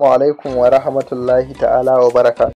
Assalamu alaikum wa rahmatullahi ta'ala wa baraka.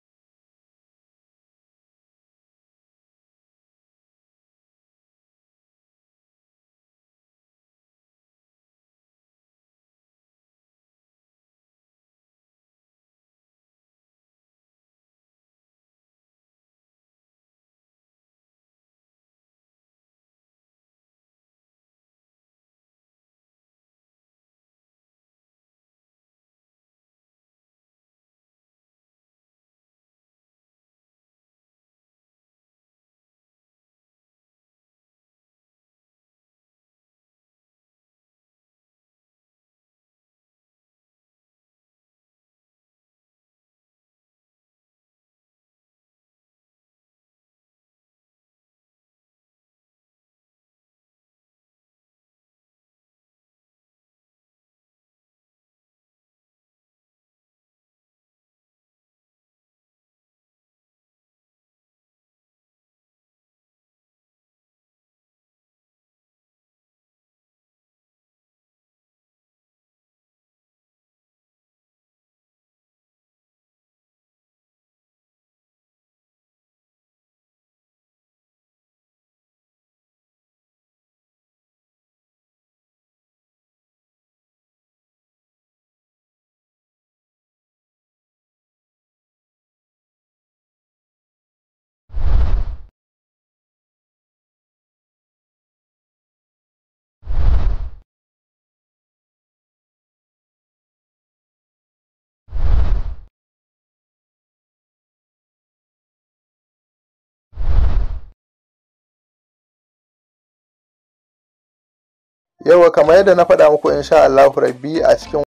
yau kamar yadda na faɗa muku insha Allahu rabbi a cikin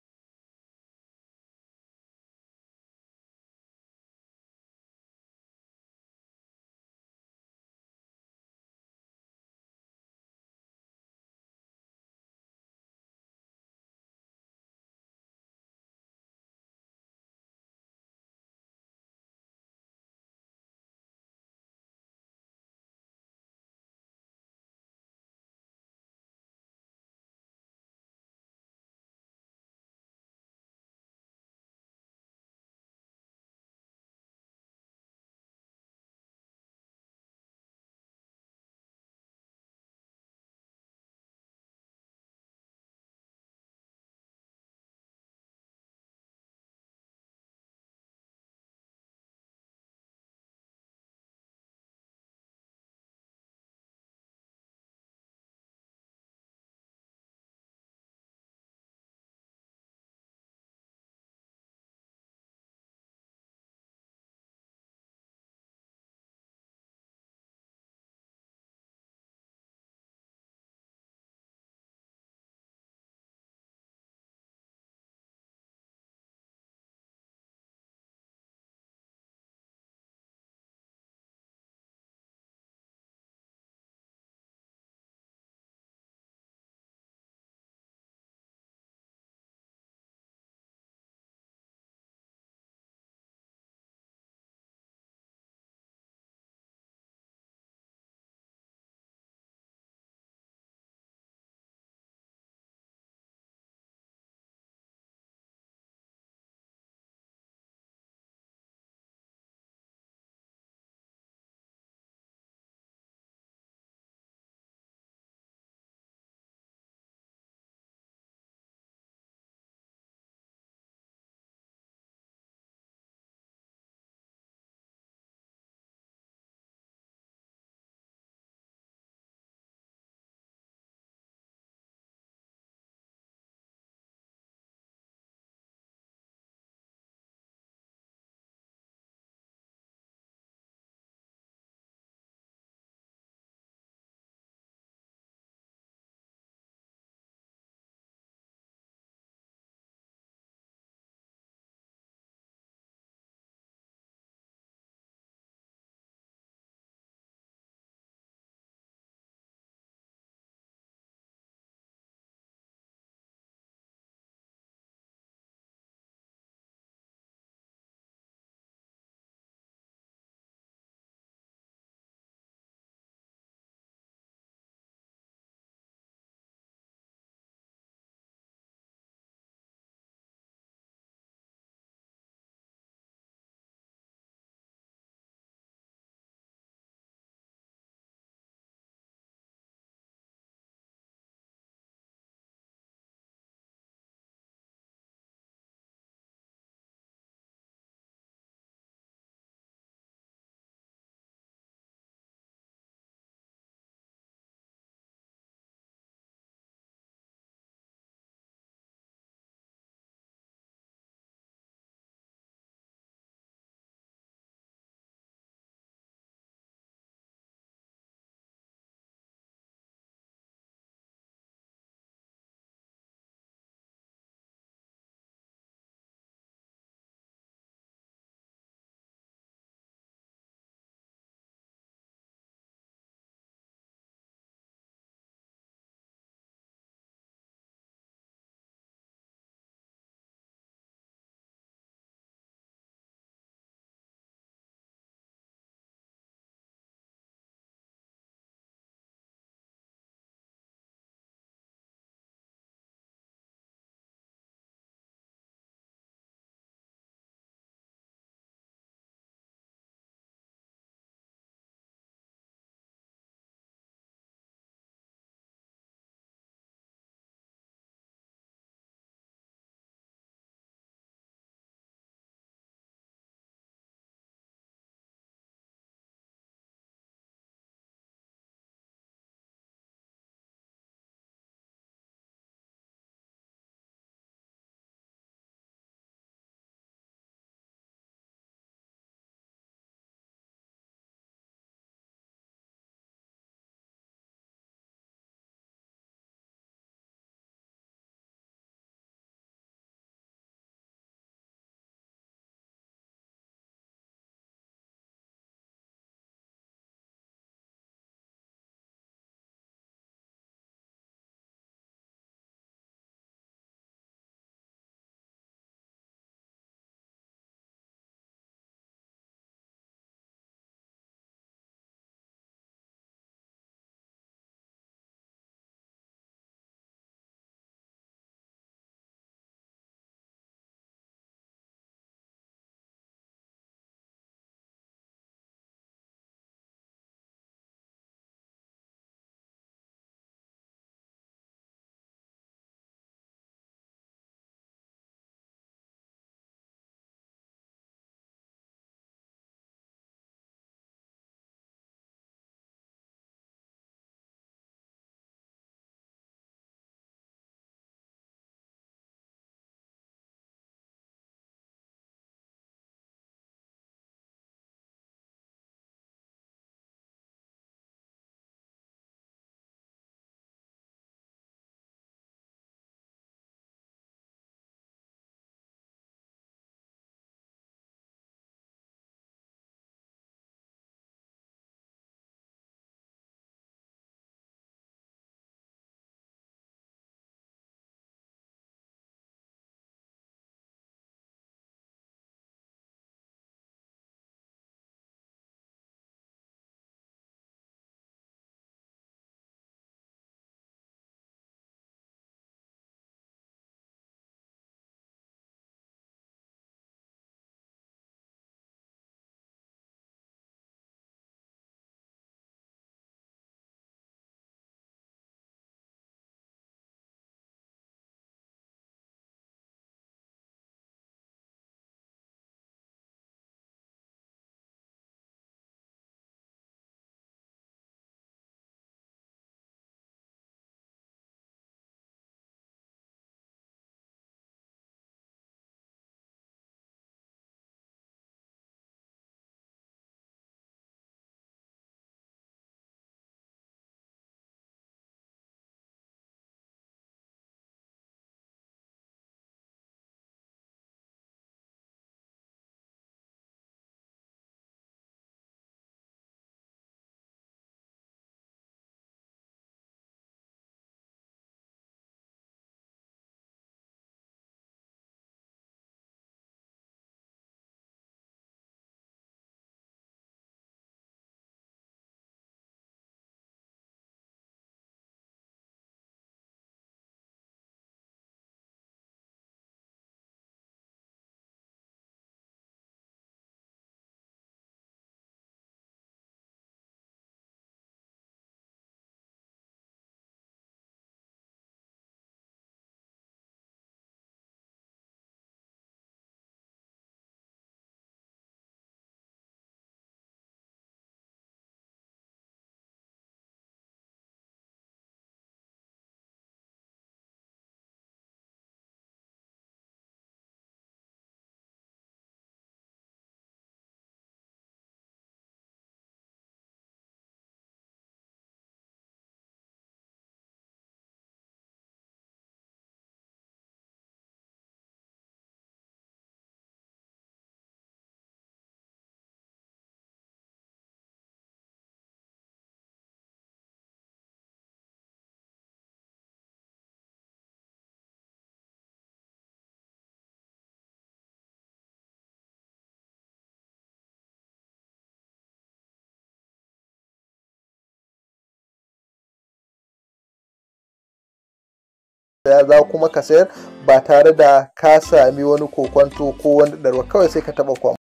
ya za kuma ka sayar ba tare da ka sami wani kokwanto ko wani darwa kawai sai ka taba kwam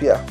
Yeah.